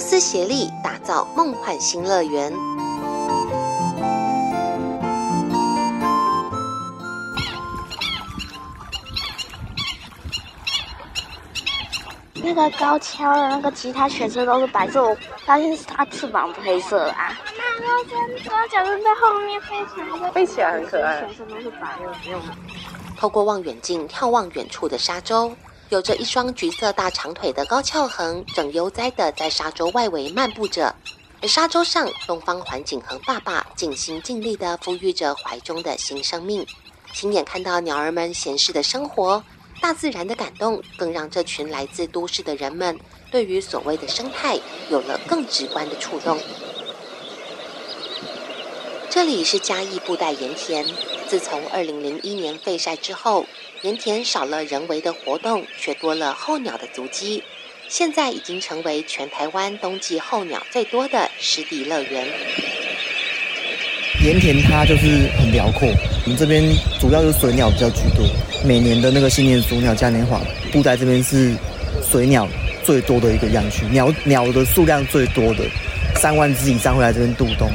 公私協力打造夢幻新樂園。那個高蹺的那個吉他全身都是白色，我發現它翅膀是黑色啊。那我先說，腳印在後面飛起來，飛起來很可愛。全身都是白的，透過望遠鏡眺望遠處的沙洲。有着一雙橘色大長腿的高蹺鴴，正悠哉的在沙洲外圍漫步着；而沙洲上，東方環頸鴴爸爸盡心盡力的撫育着懷中的新生命。親眼看到鳥兒們閒適的生活，大自然的感動，更讓這群來自都市的人們，對於所謂的生態有了更直觀的觸動。這裡是嘉義布袋鹽田，自從2001年廢曬之後，鹽田少了人為的活動，卻多了候鳥的足跡。現在已經成為全台灣冬季候鳥最多的濕地樂園。鹽田它就是很遼闊，我們這邊主要就是水鳥比較居多。每年的那個新年數鳥嘉年華，布袋這邊是水鳥最多的一個樣區，鳥鳥的數量最多的三萬只以上會來這邊度冬。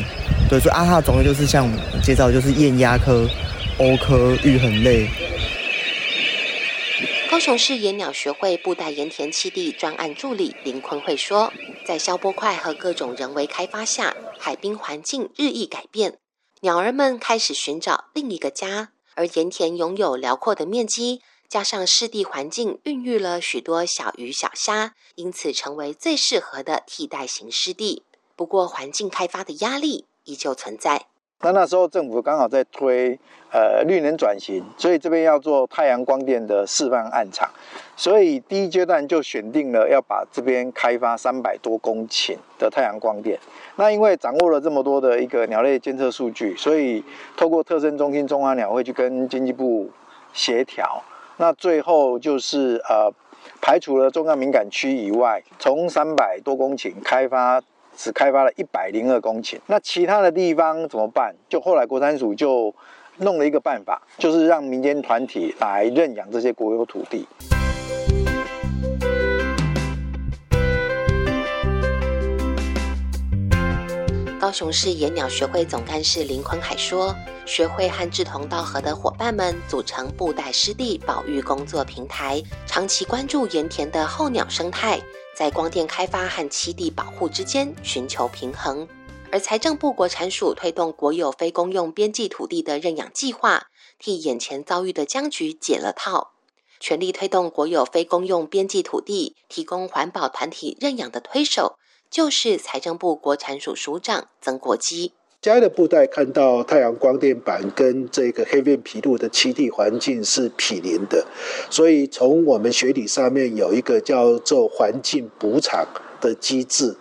所以說、啊，阿哈總類就是像我們介紹，就是雁鴨科、鷗科、鷸鴴類。高雄市野鳥學會布袋鹽田濕地專案助理林坤惠說，在消波塊和各種人為開發下，海濱環境日益改變，鳥兒們開始尋找另一個家。而鹽田擁有遼闊的面積，加上濕地環境孕育了許多小魚小蝦，因此成為最適合的替代型濕地。不過，環境開發的壓力，依舊存在。那那時候政府剛好在推呃綠能轉型，所以這邊要做太陽光電的示範案場，所以第一階段就選定了要把這邊開發三百多公頃的太陽光電。那因為掌握了這麼多的一個鳥類監測數據，所以透過特生中心中華鳥會去跟經濟部協調，那最後就是呃排除了重要敏感區以外，從三百多公頃開發。只開發了102公頃，那其他的地方怎麼辦？就後來國產署就弄了一個辦法，就是讓民間團體來認養這些國有土地。高雄市野鳥學會總幹事林坤海說：“學會和志同道合的伙伴們組成布袋濕地保育工作平台，長期關注鹽田的候鳥生態。”在光電開發和棲地保護之間尋求平衡，而財政部國產署推動國有非公用邊際土地的認養計劃，替眼前遭遇的僵局解了套，全力推動國有非公用邊際土地提供環保團體認養的推手，就是財政部國產署署，署長曾國基。家的布袋看到太陽光電板跟這個黑面琵鷺的棲地環境是毗鄰的，所以從我們學理上面有一個叫做環境補償的機制，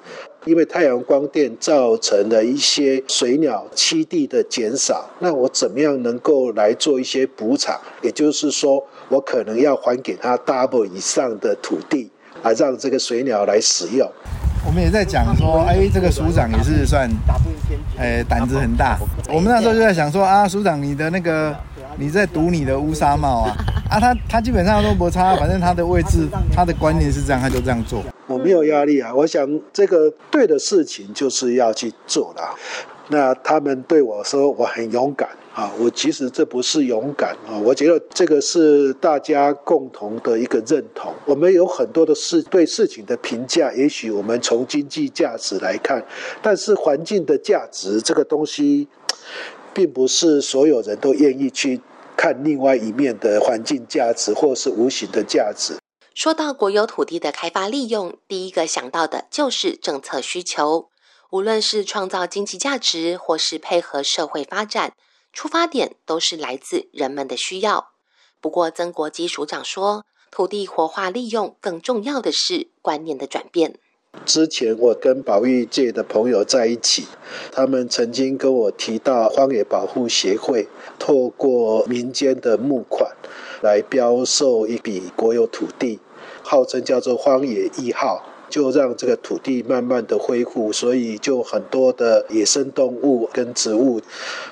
因為太陽光電造成了一些水鳥棲地的減少，那我怎麼樣能夠來做一些補償？也就是說，我可能要還給他 double 以上的土地，來讓這個水鳥來使用。我們也在講說，哎，這個署長也是算。誒、欸，膽子很大。我們那時候就在想說啊，署長，你的那個，你在賭你的烏紗帽啊啊！他他基本上都摩擦，反正他的位置，他的觀念是這樣，他就這樣做。我沒有壓力啊，我想這個對的事情就是要去做的。那他們對我說，我很勇敢。啊，我其實這不是勇敢啊，我覺得這個是大家共同的一個認同。我們有很多的事對事情的評價，也許我們從經濟價值來看，但是環境的價值這個東西，並不是所有人都願意去看另外一面的環境價值或是無形的價值。說到國有土地的開發利用，第一個想到的就是政策需求，無論是創造經濟價值，或是配合社會發展，出發點都是來自人們的需要。不過曾國基署長說，土地活化利用更重要的是觀念的轉變。之前我跟保育界的朋友在一起，他們曾經跟我提到，荒野保護協會透過民間的募款，來標售一筆國有土地，號稱叫做荒野一號。就讓這個土地慢慢的恢復，所以就很多的野生動物跟植物。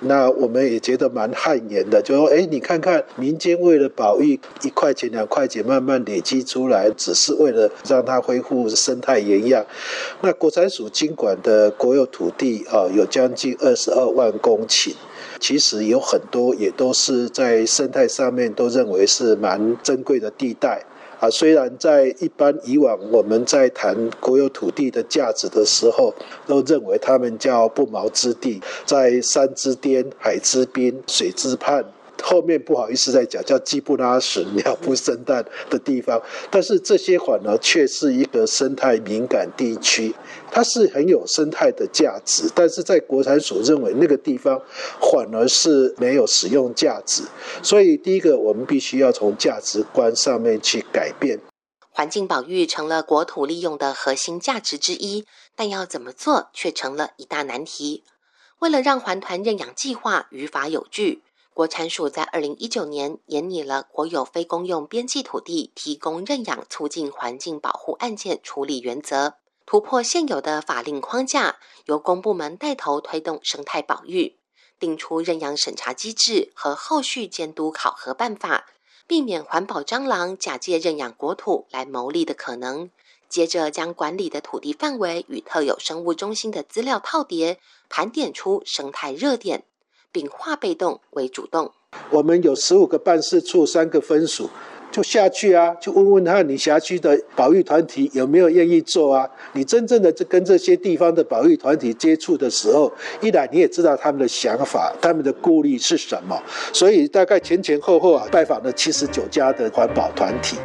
那我們也覺得蠻汗顏的，就說：“哎，你看看民間為了保育，一塊錢兩塊錢慢慢累積出來，只是為了讓它恢復生態原樣。”那國產署經管的國有土地啊，有將近二十二萬公頃，其實有很多也都是在生態上面都認為是蠻珍貴的地帶。啊，雖然在一般以往我們在談國有土地的價值的時候，都認為他們叫不毛之地，在山之巔、海之濱、水之畔。後面不好意思再講，叫雞不拉屎、鳥不生蛋的地方。但是這些反而，卻是一個生態敏感地區，它是很有生態的價值，但是在國產署認為那個地方反而是沒有使用價值。所以第一個，我們必須要從價值觀上面去改變。環境保育成了國土利用的核心價值之一，但要怎麼做，卻成了一大難題。為了讓環團認養計劃於法有據。國產署在二零一九年研擬了國有非公用邊際土地提供認養促進環境保護案件處理原則，突破現有的法令框架，由公部門帶頭推動生態保育，定出認養審查機制和後續監督考核辦法，避免環保蟑螂假借認養國土來牟利的可能。接着將管理的土地範圍與特有生物中心的資料套疊，盤點出生態熱點。並化被動為主動。我們有十五個辦事處，三個分署，就下去啊，就問問他，你轄區的保育團體有沒有願意做啊？你真正的這跟這些地方的保育團體接觸的時候，一來你也知道他們的想法，他們的顧慮是什麼。所以大概前前後後啊，拜訪了七十九家的環保團體。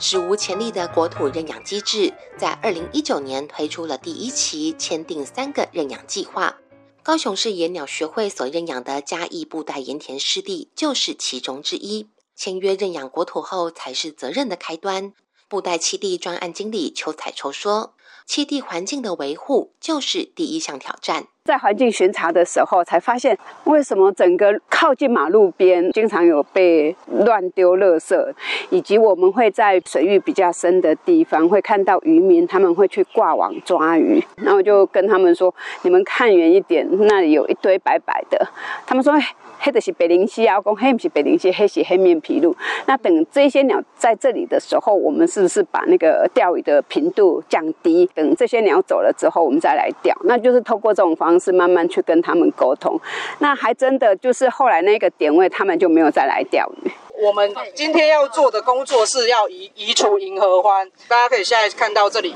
史無前例的國土認養機製，在二零一九年推出了第一期，簽訂三個認養計劃。高雄市野鳥學會所認養的嘉義布袋鹽田濕地就是其中之一。簽約認養國土後，才是責任的開端。布袋濕地專案經理邱彩秋說：“濕地環境的維護就是第一項挑戰。”在環境巡查的時候，才發現為什麼整個靠近馬路邊經常有被亂丟垃圾，以及我們會在水域比較深的地方會看到漁民他們會去掛網抓魚。然後我就跟他們說：“你們看遠一點，那裡有一堆白白的。”他們說：“黑、欸、的是白鷺鷥啊，公黑不是白鷺鷥，黑是黑面琵鷺。”那等這些鳥在這裡的時候，我們是不是把那個釣魚的頻度降低？等這些鳥走了之後，我們再來釣。那就是透過這種方式。是慢慢去跟他們溝通，那還真的就是後來那個點位，他們就沒有再來釣魚。我們今天要做的工作是要移移除銀合歡，大家可以現在看到這裡，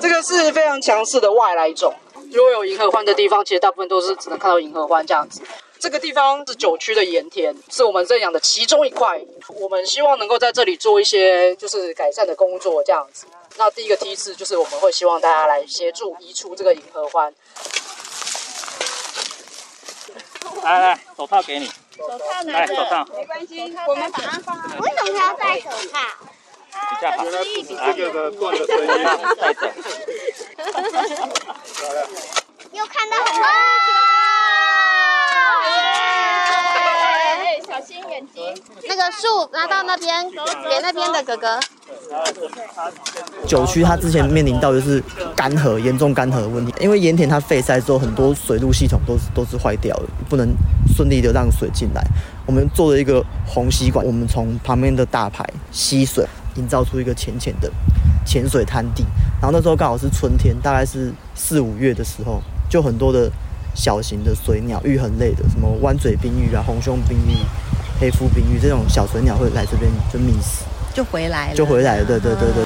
這個是非常強勢的外來種。如果有銀合歡的地方，其實大部分都是只能看到銀合歡這樣子。這個地方是九區的鹽田，是我們認養的其中一塊。我們希望能夠在這裡做一些就是改善的工作這樣子。那第一個梯次就是我們會希望大家來協助移除這個銀合歡。來來，手套給你。手套來，手套。沒關係，我們把它放。為什麼他要戴手套？等一下，這個過了可以又看到啊。小心眼睛！那個樹拉到那邊，給那邊的哥哥。九區他之前面臨到的是乾涸、嚴重乾涸的問題，因為鹽田它廢曬之後，很多水路系統都是都是壞掉了，不能順利的讓水進來。我們做了一個虹吸管，我們從旁邊的大排吸水，營造出一個淺淺的淺水灘地。然後那時候剛好是春天，大概是四五月的時候，就很多的小型的水鳥、鷸鴴類的，什麼彎嘴濱鷸啊、紅胸濱鷸。黑腹濱鷸這種小水鳥會來這邊就覓食，就回來了，就回來了。啊、對對對對。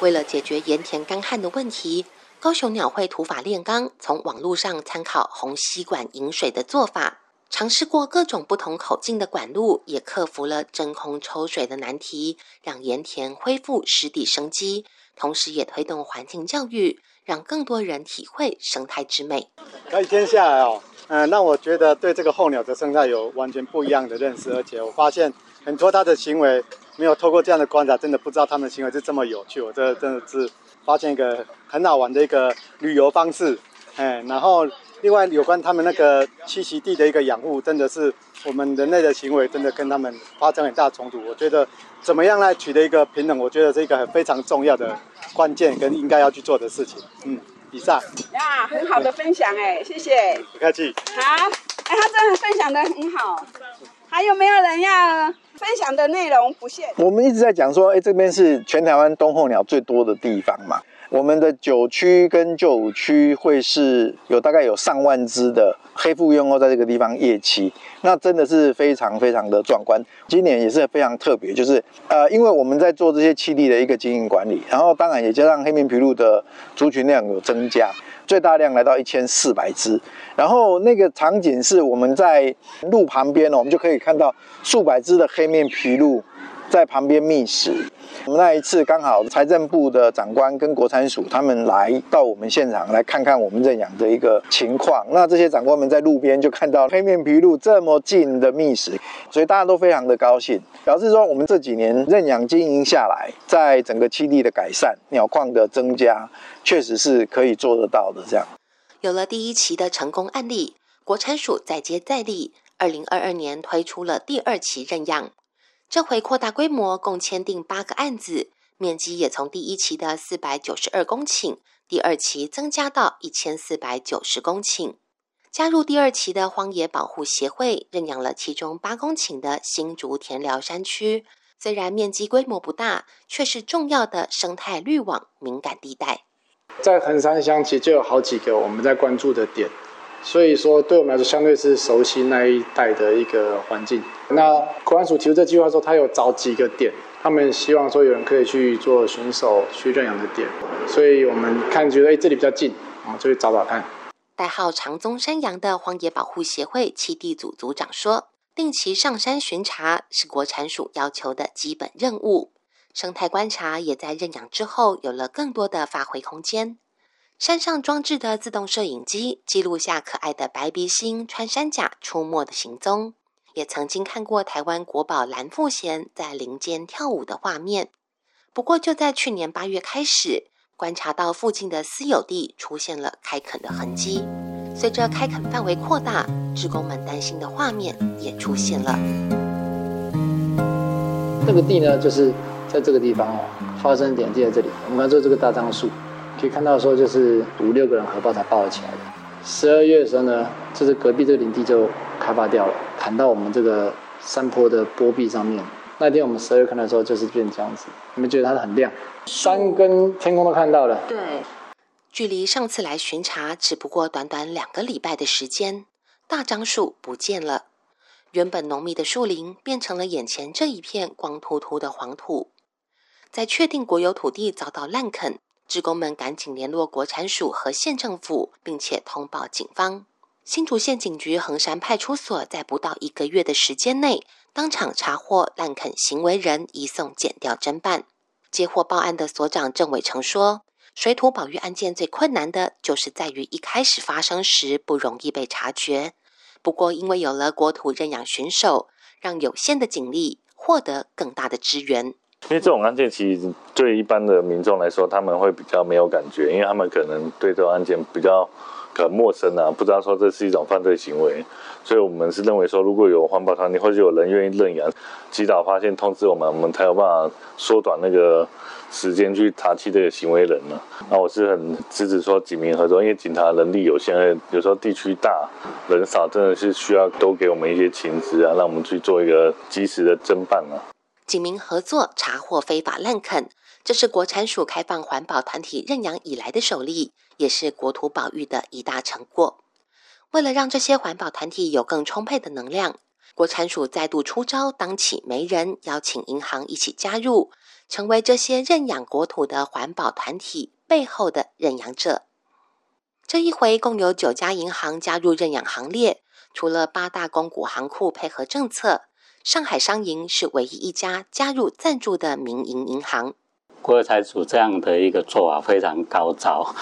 為了解決鹽田乾旱的問題，高雄鳥會土法煉鋼，從網路上參考紅吸管飲水的做法，嘗試過各種不同口徑的管路，也克服了真空抽水的難題，讓鹽田恢復濕地生機，同時也推動環境教育，讓更多人體會生態之美。可以先下來哦。嗯，那我覺得對這個候鳥的生態有完全不一樣的認識，而且我發現很多它的行為沒有透過這樣的觀察，真的不知道它們的行為是這麼有趣。我這真，真的是發現一個很好玩的一個旅遊方式。嗯，然後另外有關他們那個棲息地的一個養護，真的是我們人類的行為真的跟他們發生很大衝突。我覺得怎麼樣來取得一個平等，我覺得是一個很非常重要的關鍵跟應該要去做的事情。嗯。以上呀，yeah, 很好的分享。哎、欸，對謝謝，不客氣。好、啊，哎、欸，他真的分享的很好，還有沒有人要分享的內容？不限。我們一直在講說，哎、欸，這邊是全台灣冬候鳥最多的地方嘛。我們的九區跟九區會是有大概有上萬隻的黑腹燕鷗，在這個地方夜棲，那真的是非常非常的壯觀。今年也是非常特別，就是呃，因為我們在做這些棲地的一個經營管理，然後當然也加上黑面琵鷺的族群量有增加，最大量來到一千四百隻。然後那個場景是我們在路旁邊呢，我們就可以看到數百隻的黑面琵鷺。在旁邊覓食。我們那一次剛好財政部的長官跟國產署他們來到我們現場，來看看我們認養的一個情況。那這些長官們在路邊就看到黑面琵鷺這麼近的覓食，所以大家都非常的高興，表示說我們這幾年認養經營下來，在整個棲地的改善、鳥況的增加，確實是可以做得到的。這樣，有了第一期的成功案例，國產署再接再厲，二零二二年推出了第二期認養。這回擴大規模，共簽訂八個案子，面積也從第一期的四百九十二公頃，第二期增加到一千四百九十公頃。加入第二期的荒野保護協會，認養了其中八公頃的新竹田寮山區。雖然面積規模不大，卻是重要的生態綠網敏感地帶。在橫山鄉，其實就有好幾個我們在關注的點。所以說，對我們來說，相對是熟悉那一帶的一個環境。那國產署提出這計劃說，他有找幾個點，他們希望說有人可以去做巡守、去認養的點。所以我們看，覺得，哎，這裡比較近，我們就去找找看。代號長鬃山羊的荒野保護協會棲地組組長說，定期上山巡查是國產署要求的基本任務，生態觀察也在認養之後有了更多的發揮空間。山上裝置的自動攝影機記錄下可愛的白鼻心、穿山甲出沒的行蹤，也曾經看過台灣國寶藍腹鷴在林間跳舞的畫面。不過，就在去年八月開始，觀察到附近的私有地出現了開墾的痕跡。隨着開墾範圍擴大，志工們擔心的畫面也出現了。這個地呢，就是在這個地方哦，發生點就在這裡。我們來做這個大樟樹。可以看到，說就是五六個人合抱才抱起來的。十二月的時候呢，就是隔壁這個林地就開發掉了，砍到我們這個山坡的坡壁上面。那天我們十二月看到的時候，就是變這樣子。你們覺得它很亮，山跟天空都看到了。對，距離上次來巡查只不過短短兩個禮拜的時間，大樟樹不見了，原本濃密的樹林變成了眼前這一片光禿禿的黃土。在確定國有土地遭到濫墾。職工們趕緊聯絡國產署和縣政府，並且通報警方。新竹縣警局橫山派出所，在不到一個月的時間內，當場查獲濫墾行為人，移送檢調偵辦。接獲報案的所長鄭偉成說：“水土保育案件最困難的就是在於一開始發生時不容易被察覺。不過，因為有了國土認養巡守，讓有限的警力獲得更大的支援。”因為這種案件其實對一般的民眾來說，他們會比較沒有感覺，因為他們可能對這種案件比較可能陌生啊，不知道說這是一種犯罪行為。所以我們是認為說，如果有環保團體或者有人願意認養，及早發現通知我們，我們才有辦法縮短那個時間去查緝這個行為人呢、啊。那我是很支持說警民合作，因為警察能力有限，有時候地區大人少，真的是需要多給我們一些情資啊，讓我們去做一個及時的偵辦啊。警民合作查獲非法濫墾，這是國產署開放環保團體認養以來的首例，也是國土保育的一大成果。為了讓這些環保團體有更充沛的能量，國產署再度出招，當起媒人，邀請銀行一起加入，成為這些認養國土的環保團體背後的認養者。這一回共有九家銀行加入認養行列，除了八大公股行庫配合政策，上海商銀是唯一一家加入贊助的民營銀行。國有財主這樣的一個做法非常高招，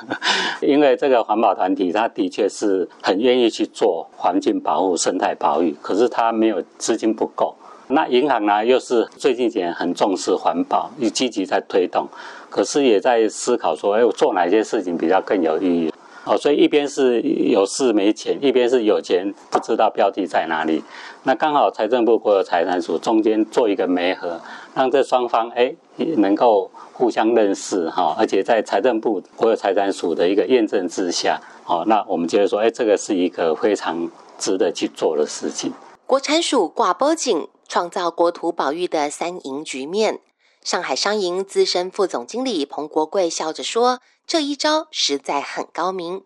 因為這個環保團體他的確是很願意去做環境保護、生態保育。可是他沒有資金不夠。那銀行呢，又是最近幾年很重視環保，又積極在推動，可是也在思考說，哎，我做哪些事情比較更有意義？哦，所以一邊是有事沒錢，一邊是有錢不知道標的在哪裡。那剛好財政部國有財產署中間做一個媒合，讓這雙方哎、欸、能夠互相認識哈，而且在財政部國有財產署的一個驗證之下，哦，那我們就會說，哎、欸，這個是一個非常值得去做的事情。國產署掛保證，創造國土保育的三贏局面。上海商銀資深副總經理彭國貴笑着說。這一招實在很高明。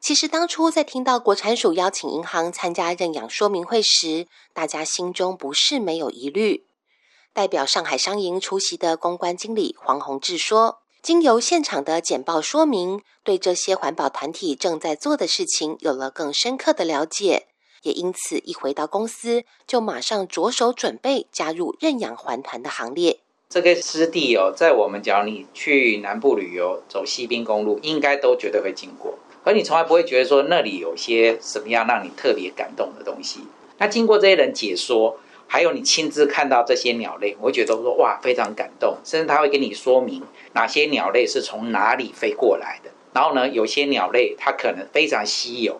其實當初在聽到國產署邀請銀行參加認養說明會時，大家心中不是沒有疑慮。代表上海商銀出席的公關經理黃宏志說：“經由現場的簡報說明，對這些環保團體正在做的事情有了更深刻的了解，也因此一回到公司就馬上着手準備加入認養環團的行列。”這個濕地哦，在我們講你去南部旅遊，走西濱公路，應該都絕對會經過。而你從來不會覺得說那裡有些什麼樣讓你特別感動的東西。那經過這些人解說，還有你親自看到這些鳥類，我覺得說哇，非常感動。甚至他會跟你說明哪些鳥類是從哪裡飛過來的。然後呢，有些鳥類它可能非常稀有，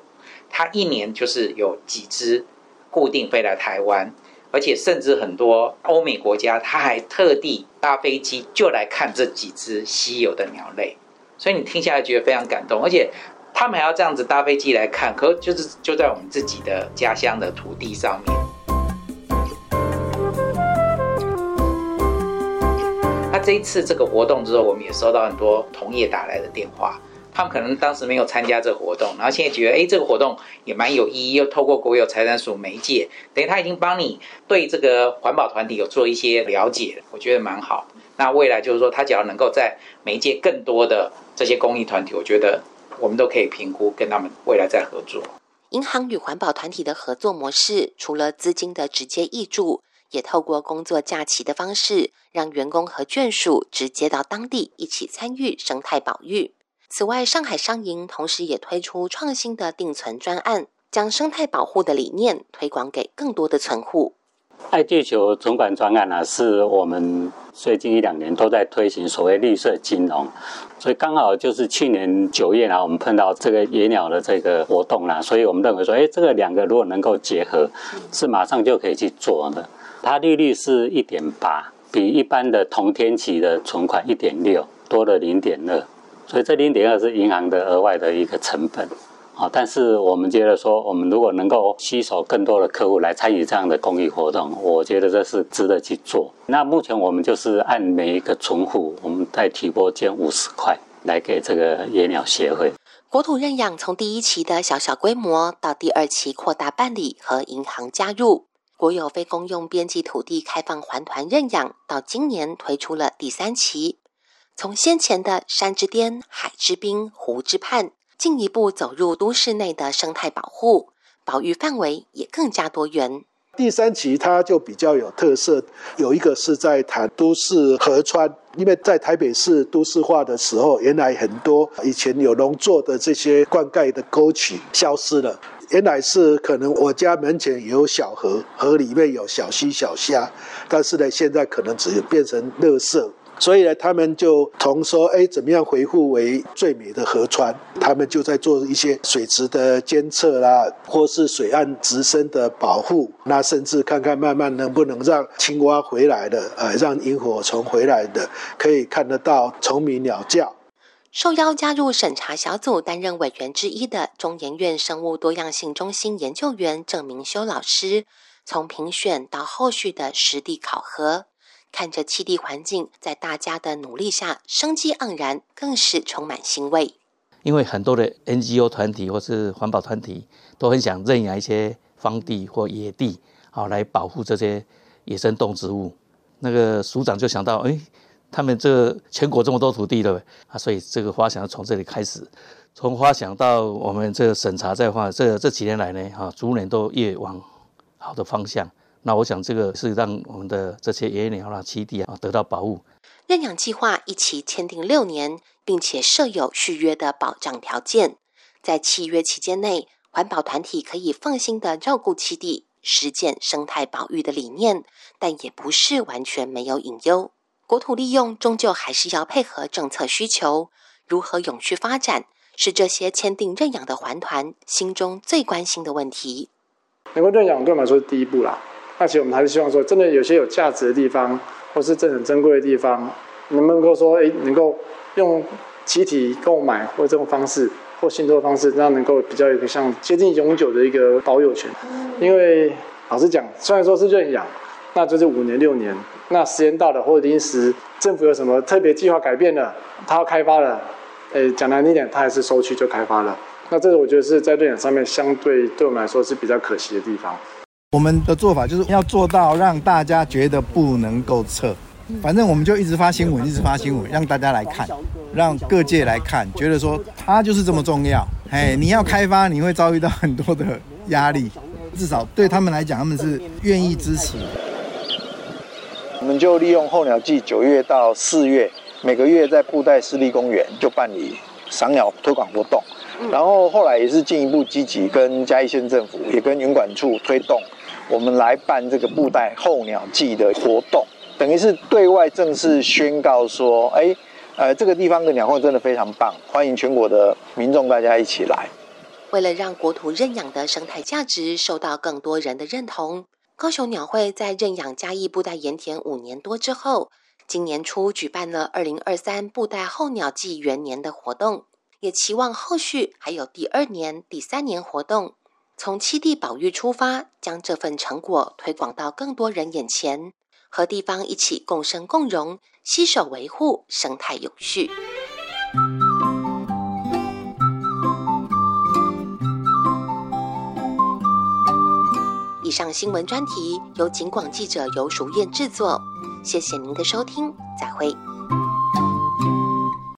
它一年就是有幾隻固定飛來台灣。而且甚至很多歐美國家，他還特地搭飛機就來看這幾隻稀有的鳥類，所以你聽下來覺得非常感動。而且他們還要這樣子搭飛機來看，可就是就在我們自己的家鄉的土地上面。那這一次這個活動之後，我們也收到很多同業打來的電話。他們可能當時沒有參加這個活動，然後現在覺得，哎，這個活動也蠻有意義，又透過國有財產署媒介，等於他已經幫你對這個環保團體有做一些了解，我覺得蠻好。那未來就是說，他只要能夠在媒介更多的這些公益團體，我覺得我們都可以評估跟他們未來再合作。銀行與環保團體的合作模式，除了資金的直接挹注，也透過工作假期的方式，讓員工和眷屬直接到當地一起參與生態保育。此外，上海商銀同時也推出創新的定存專案，將生態保護的理念推廣給更多的存戶。愛地球存款專案呢、啊，是我們最近一兩年都在推行所謂綠色金融，所以剛好就是去年九月呢、啊，我們碰到這個野鳥的這個活動啦、啊，所以我們認為說，哎、欸，這個兩個如果能夠結合，是馬上就可以去做的。它利率是一點八，比一般的同天期的存款一點六多了零點二。所以這零點二是銀行的額外的一個成本啊，但是我們覺得說，我們如果能夠吸收更多的客戶來參與這樣的公益活動，我覺得這是值得去做。那目前我們就是按每一個存戶，我們再提撥捐五十塊來給這個野鳥協會。國土認養從第一期的小小規模，到第二期擴大辦理和銀行加入，國有非公用邊際土地開放環團認養，到今年推出了第三期。從先前的山之巔、海之濱、湖之畔，進一步走入都市內的生態保護，保育範圍也更加多元。第三期它就比較有特色，有一個是在談都市河川，因為在台北市都市化的時候，原來很多以前有農作的這些灌溉的溝渠消失了。原來是可能我家門前有小河，河裡面有小溪、小蝦，但是呢，現在可能只變成垃圾。所以呢，他們就從說，哎，怎麼樣恢復為最美的河川？他們就在做一些水質的監測啦、啊，或是水岸植生的保護。那甚至看看慢慢能不能讓青蛙回來的，呃，讓螢火蟲回來的，可以看得到蟲鳴鳥叫。受邀加入審查小組擔任委員之一的中研院生物多樣性中心研究員鄭明修老師，從評選到後續的實地考核。看着棲地環境在大家的努力下生機盎然，更是充滿欣慰。因為很多的 NGO 團體或是環保團體都很想認養一些荒地或野地，好、哦、來保護這些野生動植物。那個署長就想到，哎，他們這全國這麼多土地了啊，所以這個發想要從這裡開始，從發想到我們這個審查在這塊，這這幾年來呢，哈、哦，逐年都越往好的方向。那我想，這個是讓我們的這些野鳥和棲地啊得到保護。認養計劃一期簽訂六年，並且設有續約的保障條件，在契約期間內，環保團體可以放心的照顧棲地，實踐生態保育的理念。但也不是完全沒有隱憂，國土利用終究還是要配合政策需求，如何永續發展，是這些簽訂認養的環團心中最關心的問題。能夠認養，對我來說是第一步啦、啊。那其實我們還是希望說，真的有些有價值的地方，或是真的很珍貴的地方，能不能夠說，哎，能夠用集體購買或這種方式，或信託的方式，這樣能夠比較有個像接近永久的一個保有權。因為老實講，雖然說是認養，那就是五年六年，那時間到了，或者臨時政府有什麼特別計劃改變了，它要開發了，呃，講難聽點，它還是收取就開發了。那這個我覺得是在認養上面相對對我們來說是比較可惜的地方。我們的做法就是要做到讓大家覺得不能夠撤，反正我們就一直發新聞，一直發新聞，讓大家來看，讓各界來看，覺得說它、啊、就是這麼重要。哎，你要開發，你會遭遇到很多的壓力，至少對他們來講，他們是願意支持。嗯、我們就利用候鳥季，九月到四月，每個月在布袋濕地公園就辦理賞鳥推廣活動，嗯、然後後來也是進一步積極跟嘉義縣政府，也跟雲管處推動。我們來辦這個布袋候鳥季的活動，等於是對外正式宣告說，哎，呃，這個地方的鳥況真的非常棒，歡迎全國的民眾大家一起來。為了讓國土認養的生態價值受到更多人的認同，高雄鳥會在認養嘉義布袋鹽田五年多之後，今年初舉辦了二零二三布袋候鳥季元年的活動，也期望後續還有第二年、第三年活動。從棲地保育出發，將這份成果推廣到更多人眼前，和地方一起共生共榮，攜手維護生態永續。以上新聞專題由警廣記者游淑燕制作，謝謝您的收聽，再會。